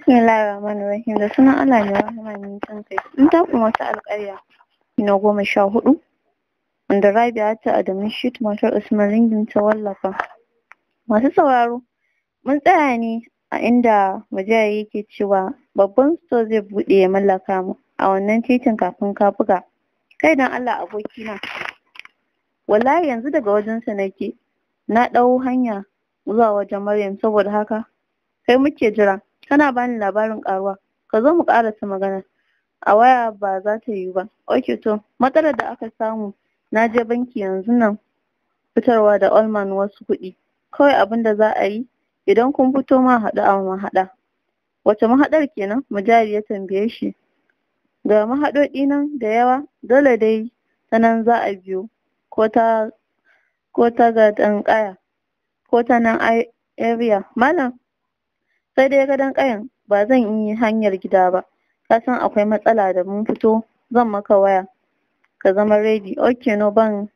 Bismillahir mana Rahim da sunan Allah mai rahama mai jin Mun tafi wata alƙarya na goma sha hudu wanda Rabia ta Adamu Shit matar Usman ta wallafa. Masu sauraro mun tsaya ne a inda Mujahid yake cewa babban store zai buɗe ya mallaka mu a wannan titin kafin ka buga. Kai dan Allah abokina. Wallahi yanzu daga wajen wajensa nake. Na ɗau hanya zuwa wajen Maryam saboda haka kai muke jira. kana bani labarin ƙaruwa ka zo mu ƙarasa magana a waya ba za ta yiwu ba ok to matsalar da aka samu na je banki yanzu nan fitarwa da allman wasu kuɗi kawai abin da za a yi idan kun fito ma haɗu a mahaɗa wace mahaɗar kenan mujari ya tambaye shi ga mahaɗoɗi nan da yawa dole dai ta nan za a biyo ko ta ko ta ga ɗan ƙaya ko ta nan area malam sai dai gadon ƙayan ba zan yi hanyar gida ba ka san akwai matsala da mun fito zan maka waya ka zama ready ok no ban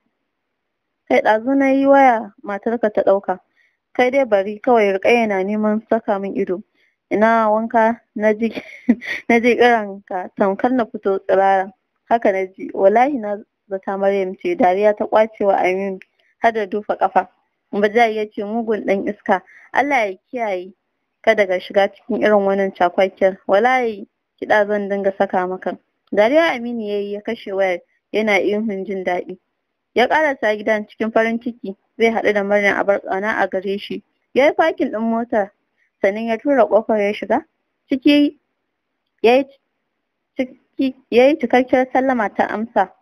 kai ɗazu na yi waya matarka ta ɗauka kai dai bari kawai riƙe na neman saka min ido ina wanka na ji kiranka tamkar na fito tsirara haka na ji wallahi na zata maryam ce dariya ta kwacewa aminu har da dufa kafa bajayi ya ce mugun ɗan iska allah ya kiyaye kada ka shiga cikin irin wannan cakwakiyar wallahi kiɗa zan dinga saka maka dariya aminu ya yi ya kashe wayar yana ihun jin daɗi ya ƙarasa gidan cikin farin ciki zai haɗu da maryam abar tsana a gare shi ya yi fakin ɗin motar sannan ya tura ƙofar ya shiga ciki ya yi cikakkiyar sallama ta amsa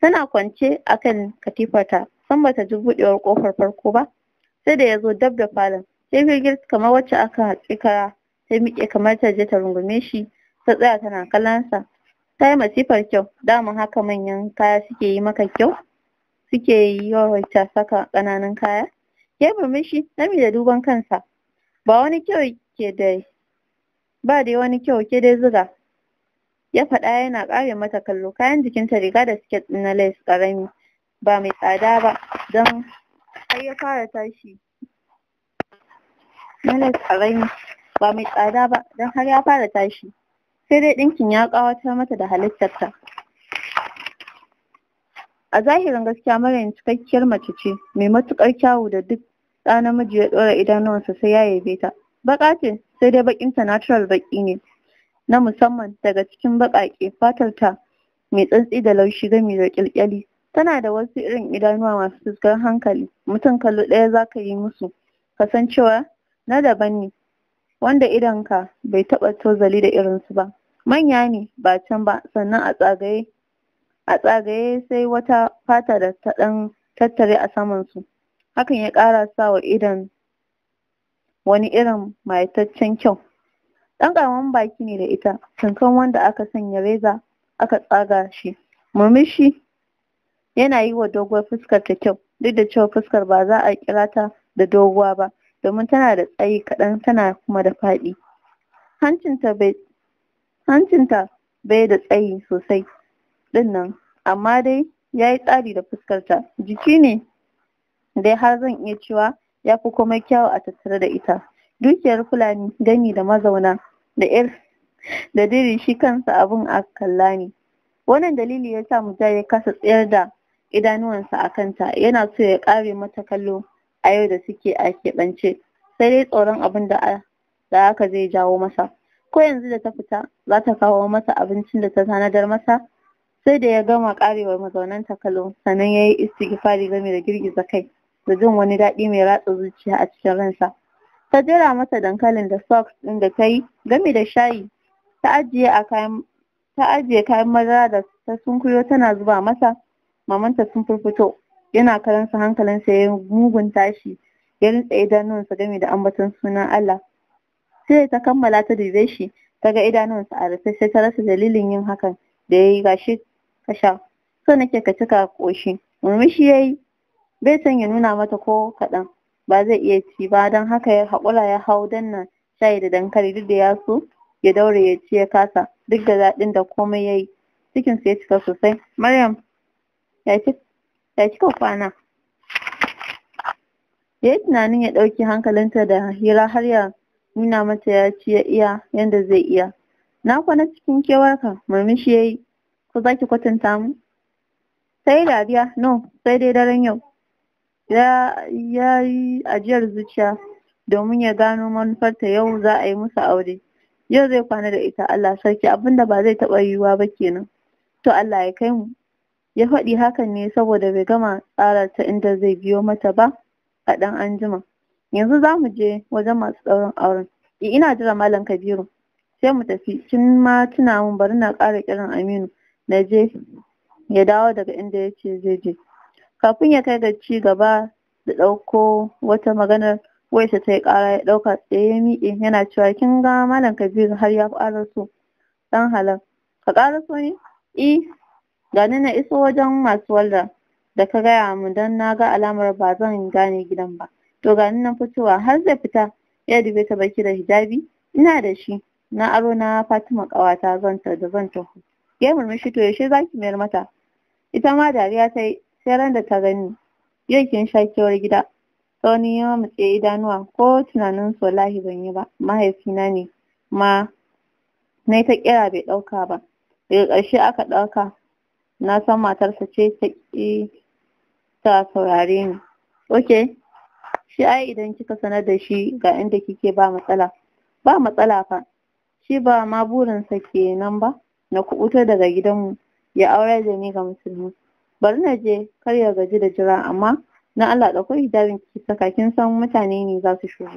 tana kwance a kan katifarta san bata ji buɗewar ƙofar farko ba sai da ya zo dab da falon sai girgir kamar wacce aka hatsi kara ta miƙe kamar ta je ta rungume shi ta tsaya tana kallon sa ta yi masifar kyau daman haka manyan kaya suke yi maka kyau suke yi yawaita saka ƙananan kaya ya murmushi nami da duban kansa ba wani kyau ke da ba dai wani kyau ke dai zuga ya faɗa yana ƙare mata kallo kayan jikinta riga da siket na lace ƙarami ba mai tsada ba don har ya fara tashi Malas raini ba mai tsada ba don har ya fara tashi sai dai ɗinkin ya ƙawatar mata da halittarta a zahirin gaskiya Maryam cikakkiyar mace ce mai matuƙar kyawu da duk ɗa namiji ya ɗora idanuwansa sai ya yabe ta baƙa ce sai dai baƙinta natural baƙi ne na musamman daga cikin baƙaƙe fatarta mai tsantsi da laushi gami da ƙyalƙyali tana da wasu irin idanuwa masu fuskar hankali mutum kallo ɗaya za ka yi musu kasancewa na daban ne wanda idonka bai taɓa tozali da irinsu ba manya ne ba can ba sannan a tsagaye sai wata fata da ta ɗan tattare a samansu hakan ya ƙara sa wa idon wani irin mayataccen kyau ɗan kawon baki ne da ita tunkan wanda aka sanya reza aka tsaga shi murmushi yana yi wa doguwar fuskar ta kyau duk da cewa fuskar ba za a kira ta da doguwa ba domin tana da tsayi kaɗan tana kuma da faɗi hancinta bai da tsayi sosai ɗinnan amma dai ya yi tsari da fuskarta jiki ne dai har zan iya cewa ya fi komai kyawu a tattare da ita dukiyar fulani gani da mazauna da ir da diri shi kansa abin a kalla ne wannan dalili ya sa ja ya kasa tsayar da idanuwansa a kanta yana so ya ƙare mata kallo a yau da suke a keɓance sai dai tsoron abin da da haka zai jawo masa ko yanzu da ta fita za ta kawo masa abincin da ta tanadar masa sai da ya gama karewar mazaunan takalon sannan ya yi istighfari game da girgiza kai da jin wani daɗi mai ratsa zuciya a cikin ransa ta jira masa dankalin da socks ɗin da ta yi game da shayi ta ajiye a kayan ta ajiye kayan madara da ta sunkuyo tana zuba masa mamanta sun furfuto. yana karansa sa ya mugun tashi ya rintsa idanunsa game da ambaton sunan Allah sai ta kammala ta dube shi ta ga idanunsa a rufe sai ta rasa dalilin yin hakan da ya yi gashi kasha so nake ka cika koshi murmushi ya yi bai son ya nuna mata ko kaɗan ba zai iya ci ba don haka ya haƙura ya hau danna shayi da dankali duk da ya so ya daure ya ci ya kasa duk da daɗin da komai ya yi cikinsa ya cika sosai maryam ya ci ya kika kwana ya yi tunanin ya ɗauki hankalinta da hira har ya nuna mata ya ci ya iya yadda zai iya na kwana cikin kewarka murmushi ya yi ko za ki kwatanta mu sai dariya no sai dai daren yau ya yi ajiyar zuciya domin ya gano manufarta yau za a yi musu aure yau zai kwana da ita Allah sarki abinda ba zai taɓa yiwuwa ba kenan to Allah ya kai mu ya faɗi hakan ne saboda bai gama tsara ta inda zai biyo mata ba a ɗan anjima yanzu za mu je wajen masu ɗaurin auren e, ina jira malam kabiru sai mu tafi kin ma tuna min bari na ƙara kiran aminu na je ya dawo daga inda ya ce zai je kafin ya kai ga ci gaba da ɗauko wata maganar waisa ta yi ƙara ya ɗauka tsaye ya miƙe yana cewa kin ga malam kabiru har ya ƙara so ɗan halal ka ƙara so ne i e, gani na iso wajen masu walda da ka gaya mu don na ga alamar ba zan gane gidan ba to gani na fitowa har zai fita ya dube ta baki da hijabi ina da shi na aro na Fatima ƙawata ta da zan taho ya murmushi to yaushe zaki mayar mata ita ma dariya ta yi sai ran da ta gani Yakin kin sha kewar gida tsawon ya mutse idanuwa ko tunanin su wallahi ban yi ba mahaifina ne ma na ta kira bai ɗauka ba daga ƙarshe aka ɗauka na san matarsa ce ta ƙi ta saurare ni ok shi ai idan kika sanar da shi ga inda kike ba matsala ba matsala fa shi ba ma burinsa kenan ba na kuɓuta daga gidanmu ya aure da ni ga musulmi bari na je kar ya gaji da jira amma na Allah ɗauko hijabin ki saka kin san mutane ne za su shigo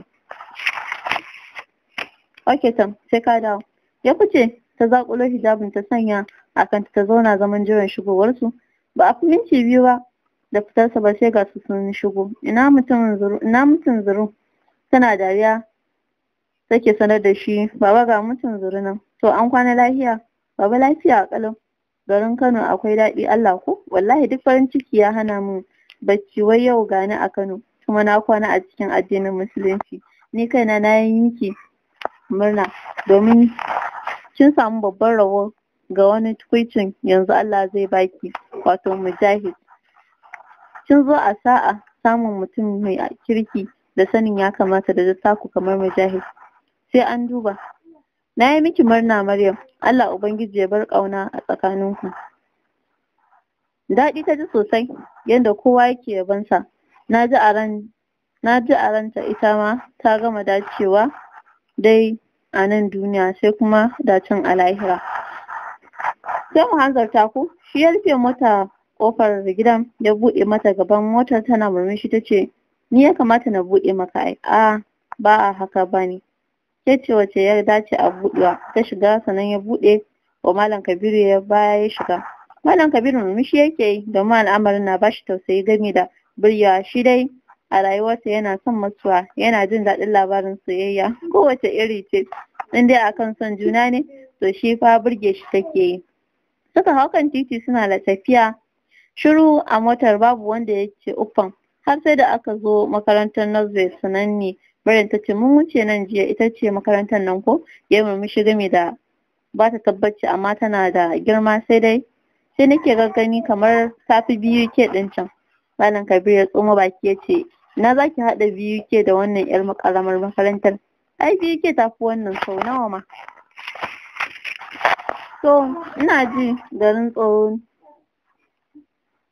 ok tam sai ka dawo ya fice ta zaƙulo hijabin ta sanya akan ta zauna zaman jiran shigowarsu ba a minti biyu ba da fitarsa ba sai ga su sun shigo ina mutum zuru tana dariya take sanar da shi baba ga mutum zuru nan to an kwana lafiya baba lafiya kalau garin Kano akwai daɗi Allah ko wallahi duk farin ciki ya hana min bacci wai yau gani a Kano kuma na kwana a cikin addinin musulunci ni kaina na yi miki murna domin kin samu babban rawar. ga wani tukuicin yanzu Allah zai baki wato mujahid kin zo a sa'a samun mutum mai kirki da sanin ya kamata da taku kamar mujahid sai an duba na yi miki murna maryam Allah ubangiji ya bar ƙauna a tsakaninku daɗi ta ji sosai yadda kowa yake yabonsa na ji a ran na ji ranta ita ma ta gama dacewa dai a nan duniya sai kuma dacin a lahira sai mu hanzarta ku shi ya rufe mota kofar gidan ya buɗe mata gaban motar tana murmushi ta ce ni ya kamata na buɗe maka ai a ba a haka ba ne ke ce wace ya dace a buɗewa ta shiga sannan ya buɗe wa malam kabiru ya baya ya shiga malam kabiru murmushi yake yi domin al'amarin na bashi tausayi gami da birya shi dai a rayuwarsa yana son mutuwa yana jin daɗin labarin soyayya kowace iri ce in dai akan son juna ne to shi fa burge shi take yi Suka hau kan titi suna da tafiya shiru a motar babu wanda ya ce uffan har sai da aka zo makarantar nursery sananne Maryam ta ce mun wuce nan jiya ita ce makarantar nan ko ya murmushi game da ba ta tabbaci amma tana da girma sai dai sai nake gaggani kamar safi biyu ke din can malam kabir ya tsoma baki ya ce na za ki haɗa biyu ke da wannan yar makaramar makarantar ai biyu ke tafi wannan sau nawa ma so ina ji garin tsoro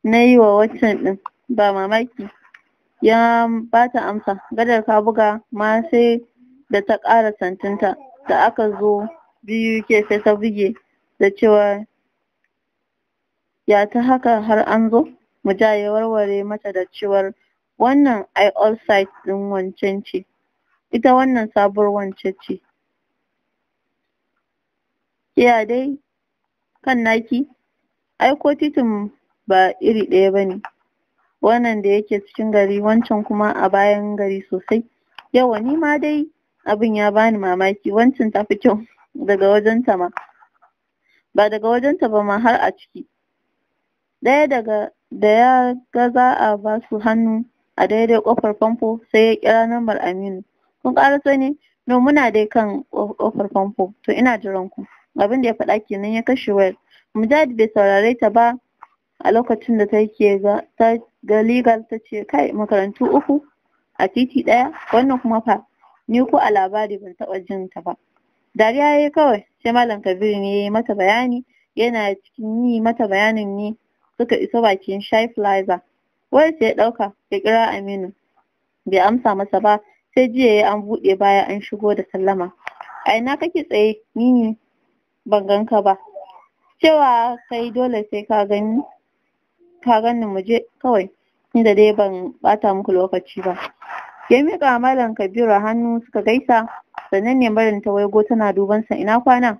na yi wa waccan ɗin ba mamaki ya ba ta amsa gadar ka buga ma sai da ta ƙara santinta da aka zo biyu ke sai ta buge da cewa ya ta haka har an zo Mu ja ya warware mata da cewar wannan ai all site ɗin wancan ce ita wannan sabuwar wancan ce Ya dai kan naki ai ko titin ba iri ɗaya ba ne. wannan da yake cikin gari wancan kuma a bayan gari sosai yawa ni ma dai abin ya bani mamaki wancan ta fi kyau daga wajenta ma ba daga wajenta ba ma har a ciki ɗaya daga da ya ga za a ba su hannu a daidai kofar famfo sai ya kira lambar Aminu kun ƙaraso ne no muna dai kan ƙofar famfo to ina jiran ku abin da ya faɗa kenan ya kashe wayar mujahid bai saurare ta ba a lokacin da take ga ta ga legal ta ce kai makarantu uku a titi ɗaya wannan kuma fa ni ko a labari ban taɓa jin ta ba dariya ya yi kawai sai malam kabiru ne ya yi mata bayani yana cikin yi mata bayanin ne suka isa bakin shai plaza wai sai ya ɗauka ya kira aminu bai amsa masa ba sai jiya ya an buɗe baya an shigo da sallama a ina kake tsaye ni ne ban gan ka ba cewa kai dole sai ka gani ka gani mu je kawai inda dai ban bata muku lokaci ba ya miƙa malam kabiru hannu suka gaisa sannan ne barin ta waigo tana duban sa ina kwana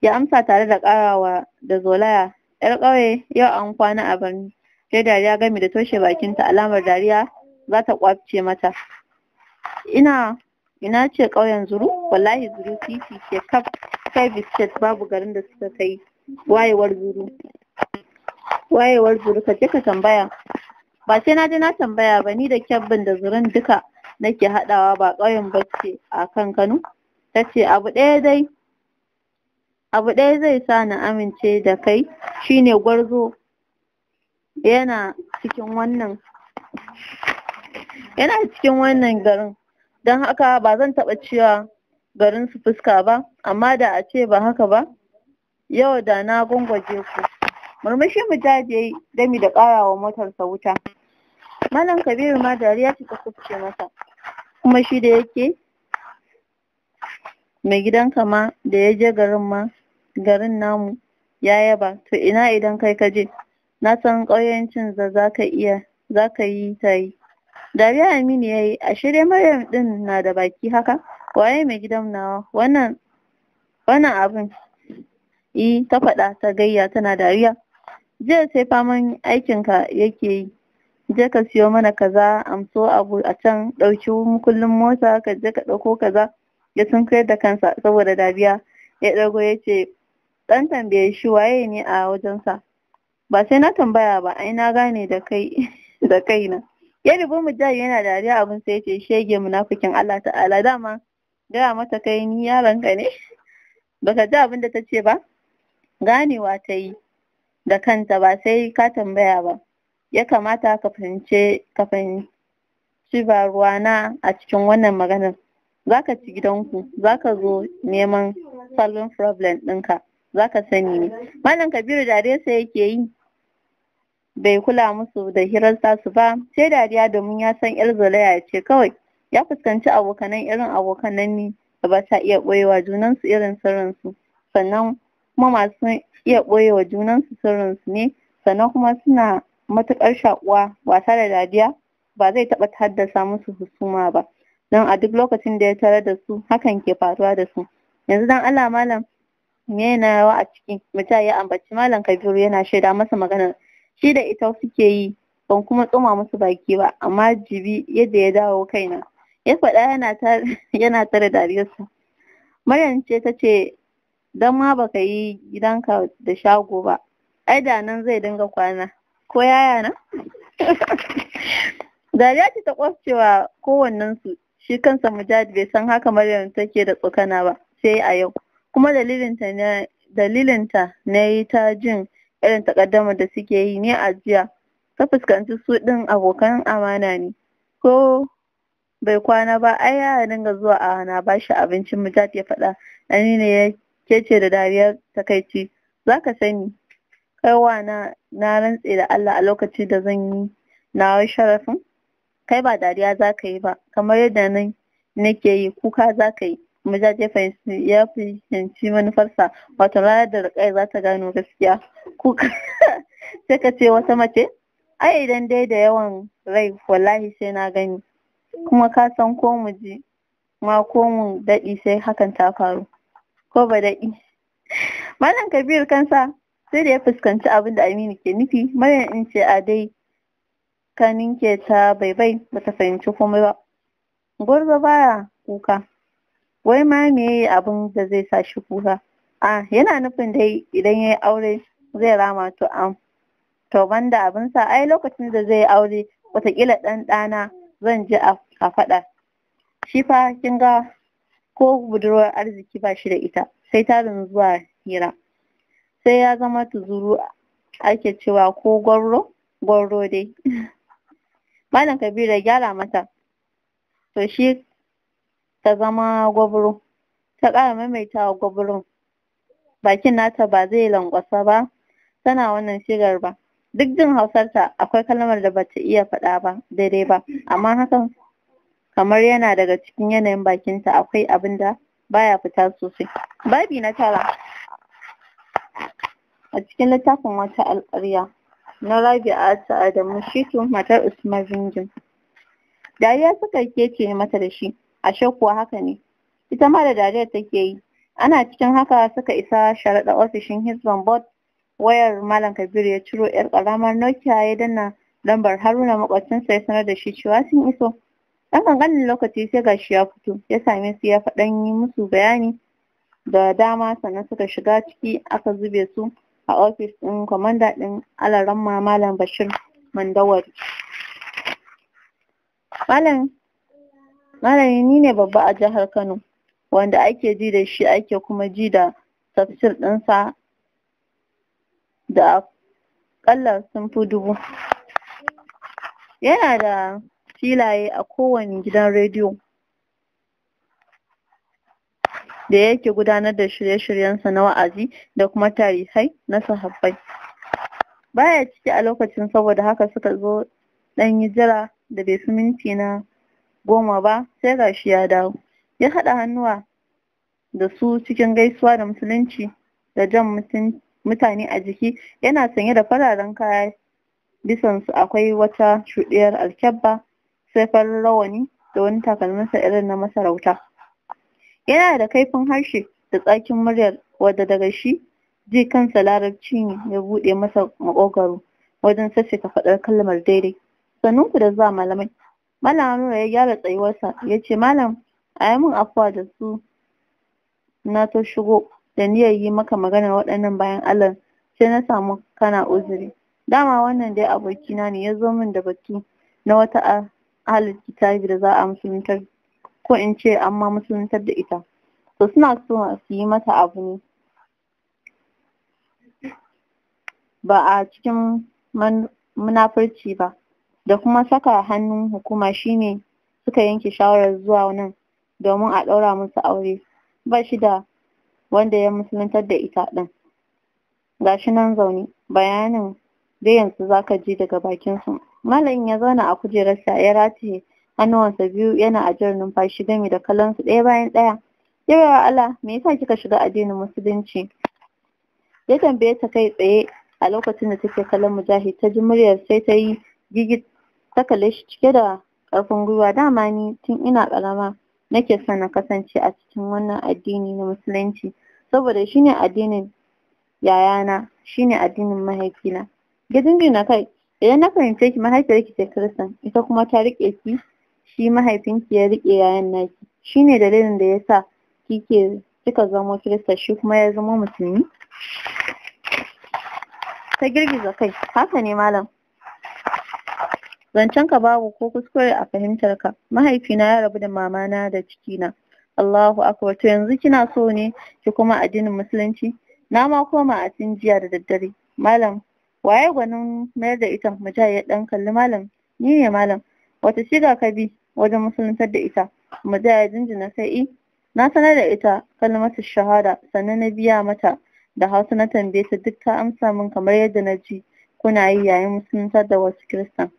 ya amsa tare da karawa da zolaya yar ƙauye yau an kwana a birni sai dariya gami da toshe bakinta alamar dariya za ta kwace mata ina ina ce ƙauyen zuru wallahi zuru titi ke kaf five states babu garin da suka kai wayewar zuru wayewar zuru ka je ka tambaya ba sai na je na tambaya ba ni da kyabbin da zurin duka nake haɗawa ba kauyen bacci a kan Kano ta ce abu ɗaya dai abu ɗaya zai sa na amince da kai shine gwarzo yana cikin wannan yana cikin wannan garin don haka ba zan taɓa cewa garin su fuska ba amma da a ce ba haka ba yau da na gungwaje ku murmushi mu jaje dami da karawa motar motarsa wuta malam kabiru ma dariya ce ta kufce masa kuma shi da yake mai gidanka ma da ya je garin ma garin namu ya yaba to ina idan kai ka je na san ƙauyancin za ka iya za ka yi ta yi dariya aminu ya yi a shirya maryam ɗin na da baki haka waye mai gidan nawa wannan wannan abin eh ta faɗa ta gayya tana dariya jiya sai faman aikinka yake yi je ka siyo mana kaza amso abu a can ɗauki kullum mota ka je ka ɗauko kaza ya sunkuyar da kansa saboda dariya ya ɗago ya ce ɗan tambaye shi waye ne a wajensa ba sai na tambaya ba ai na gane da kai da kaina ya rubu mujahid yana dariya abin sai ya ce shege munafikin Allah ta'ala dama gaya mata kai ni yaronka ne baka ji abin da ta ce ba ganewa ta yi da kanta ba sai ka tambaya ba ya kamata ka fahimce ka fahimci ba ruwana a cikin wannan maganar Za ka ci gidanku za ka zo neman solving problem ɗinka za ka sani ne malam kabiru dare sai yake yi bai kula musu da hirar tasu ba sai dariya domin ya san yar zolaya ce kawai ya fuskanci abokanan irin abokan nan ne da ba ta iya ɓoyewa junansu irin sirrinsu sannan kuma masu iya ɓoyewa junansu sirrinsu ne sannan kuma suna matuƙar shaƙuwa wasa da dadiya. ba zai taɓa haddasa musu husuma ba don a duk lokacin da ya tare da su hakan ke faruwa da su yanzu dan Allah malam me yana yawa a ciki mutum ya ambaci malam Kabiru yana shaida masa magana. shi da ita suke yi ban kuma tsoma musu baki ba amma jibi yadda ya dawo kaina ya faɗa yana tare dariyarsa maryam ce ta ce don ma baka yi gidanka da shago ba ai da nan zai dinga kwana ko yaya na dariya ce ta kwafcewa kowannensu shi kansa mujahid bai san haka maryam take da tsokana ba sai a yau kuma dalilinta na yi ta jin irin takaddamar da suke yi ne a jiya ta fuskanci su ɗin abokan amana ne ko bai kwana ba ai ya dinga zuwa a na shi abincin mujad ya faɗa ɗani ne ya kece da dariyar takaici ka sani wa na na rantse da Allah a lokacin da zan yi nawa sharafin kai ba dariya za ka yi ba kamar yadda nan nake yi kuka za ka yi mujad ya ya fahimci manufarsa wato ranar da rikai za ta gano gaskiya kuka sai ka ce wata mace ai idan dai da yawan rai wallahi sai na gani kuma ka san ko mu je ma ko mu daɗi sai hakan ta faru ko ba daɗi malam kabir kansa sai da ya fuskanci abin da aminu ke nufi maryam in ce a dai ka ninke ta baibai ba ta fahimci komai ba gwarzo baya kuka wai ma me abin da zai sa shi kuka a yana nufin dai idan ya yi aure zai rama to am to banda abin sa ai lokacin da zai aure watakila ɗan ɗana zan ji a faɗa, shi fa kin ga ko budurwar arziki ba shi da ita sai ta tarin zuwa hira sai ya zama tuzuru ake cewa ko gwarro gwarro dai malam kabiru ya gyara mata to shi ta zama gwabro ta ƙara maimaita wa gwabron bakin nata ba zai lankwasa ba tana wannan shigar ba duk jin hausarta akwai kalmar da bata iya faɗa ba daidai ba amma hakan kamar yana daga cikin yanayin bakinta akwai abin da baya fita sosai babi na tara a cikin littafin wata alƙarya na Rabi'a ta Adamu Shitu matar Usman Ringin dariya suka kece mata da shi a kuwa haka ne ita ma da dariyar take yi ana cikin haka suka isa sharaɗa ofishin Hisban Board wayar Malam Kabir ya ciro 'yar ƙaramar Nokia ya danna lambar Haruna makwabcinsa ya sanar da shi cewa sun iso dan kankanin lokaci sai gashi ya fito ya same su ya faɗan yi musu bayani da dama sannan suka shiga ciki aka zube su a ofis ɗin kwamanda ɗin alaramma malam bashir mandawari malam malami ni ne babba a jihar kano wanda ake ji da shi ake kuma ji da tafsir ɗinsa da aƙalla sun fi dubu yana da filaye a kowane gidan rediyo da yake gudanar da shirye-shiryensa na wa'azi da kuma tarihai na sahabbai baya ciki a lokacin saboda haka suka zo ɗan yi jira da bai fi minti na goma ba sai gashi ya dawo ya haɗa hannuwa da su cikin gaisuwa da musulunci da jan mutane a jiki yana sanye da fararen kaya bisansu akwai wata shuɗiyar alkyabba sai farin rawani da wani takalminsa irin na masarauta yana da kaifin harshe da tsakin muryar wadda daga shi ji kansa larabci ne ya buɗe masa makogaro wajen sace ka faɗar kalmar daidai sannan ku da za malamai malam nura ya gyara tsayuwarsa ya ce malam a yi min afuwa da su na to shigo da niyyar yi maka maganar waɗannan bayan allah sai na samu kana uzuri dama wannan dai abokina ne ya zo min da batu na wata ahalin kitabi da za a musuluntar ko in ce amma musuluntar da ita to suna so su yi mata abu ne ba a cikin munafurci ba da kuma saka hannun hukuma shine suka yanke shawarar zuwa nan domin a ɗaura musu aure ba shi da wanda ya musuluntar da ita ɗin gashi nan zaune bayanin dai yanzu zaka ji daga bakinsu? Malamin ya zauna a kujerarsa ya rataye hannuwansa biyu yana ajiyar numfashi gami da kallonsu ɗaya bayan ɗaya. Yawa Allah, me yasa kika shiga addinin Musulunci? Ya tambaye ta kai tsaye a lokacin da take kallon Mujahid ta ji muryar sai ta yi gigit ta kalle shi cike da ƙarfin gwiwa dama ni tun ina ƙarama nake son na kasance a cikin wannan addini na Musulunci saboda shine addinin yayana shine addinin mahaifina. Gidin na kai idan na fahimce ki mahaifiyarki ce Kirista, ita kuma ta riƙe ki shi mahaifinki ya riƙe yayan naki shine dalilin da yasa kike kika zamo kirista shi kuma ya zama musulmi ta girgiza kai haka ne malam zancen ka babu ko kuskure a fahimtar ka mahaifina ya rabu da mamana da cikina Allahu akbar to yanzu kina so ne ki kuma addinin musulunci na ma koma a cin jiya da daddare malam waye gwanin mayar da ita ta ya dan kalli malam ni ne malam wata shiga ka bi wajen musuluntar da ita ya jinjina sai i na sanar da ita kalmatu shahada sannan na biya mata da hausa na tambaye ta duk ta amsa min kamar yadda na ji kuna yi yayin musuluntar da wasu kiristan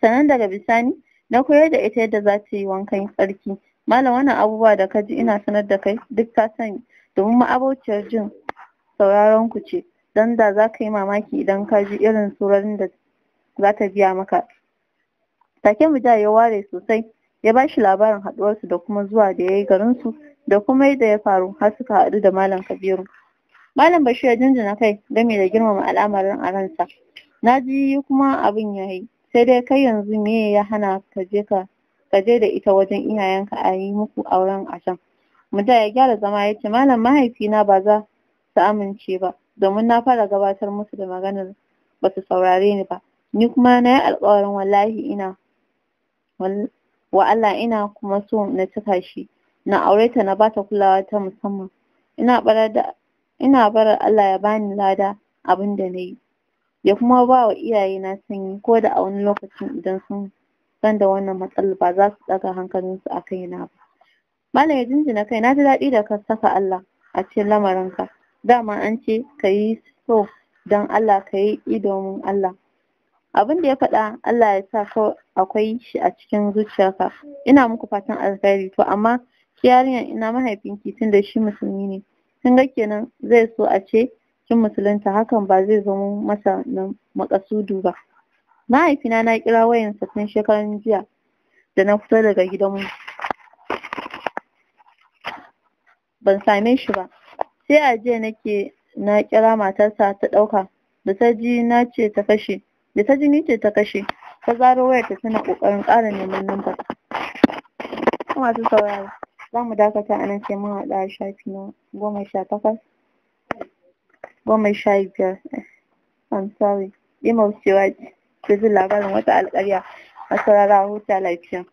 sannan daga bisani na koyar da ita yadda za ta yi wankan tsarki malam wannan abubuwa da ka ji ina sanar da kai duk ka sani domin ma'abociyar jin sauraron ku ce don da za ka yi mamaki idan ka ji irin surorin da za ta biya maka take mija ya ware sosai ya ba shi labarin haɗuwarsu da kuma zuwa da ya yi garinsu da kuma yadda ya faru har suka haɗu da malam kabiru malam bashir ya jinjina kai game da girmama al'amarin a ransa na ji kuma abin ya yi sai dai kai yanzu me ya hana ka je ka ka je da ita wajen iyayenka a yi muku auren a can. Muda ya gyara zama ya ce malam mahaifina ba za su amince ba. domin na fara gabatar musu da maganar ba su saurare ni ba ni kuma na yi alƙawarin wallahi ina wa Allah ina kuma so na cika shi na aure ta na bata kulawa ta musamman ina barar Allah ya bani lada abin da na yi ya kuma ba wa iyaye na sanyi ko da a wani lokacin idan sun san da wannan matsalar ba za su ɗaga hankalinsu a kaina ba malam ya jinjina kai na ji daɗi da ka saka Allah a cikin lamarinka dama an ce ka yi so don Allah ka yi idomin Allah abin da ya faɗa Allah ya sa ka akwai shi a cikin zuciyarka ina muku fatan alkhairi to amma ki yarinyar ina mahaifinki tun da shi musulmi ne Tun ga kenan zai so a ce kin musulunta hakan ba zai zama masa na makasudu ba mahaifina na kira wayansa tun shekaran jiya da na fito daga gidanmu ban same shi ba sai a jiya nake na kira matarsa ta ɗauka da ta ji na ce ta kashe da ta ji ni ce ta kashe ta zaro wayarta tana ƙoƙarin ƙara neman lambar masu sauraro za mu dakata a nan sai mun haɗu a shafi na goma sha takwas goma sha biyar I'm sorry Imam cewa ta labarin wata alƙarya a saurara huta lafiya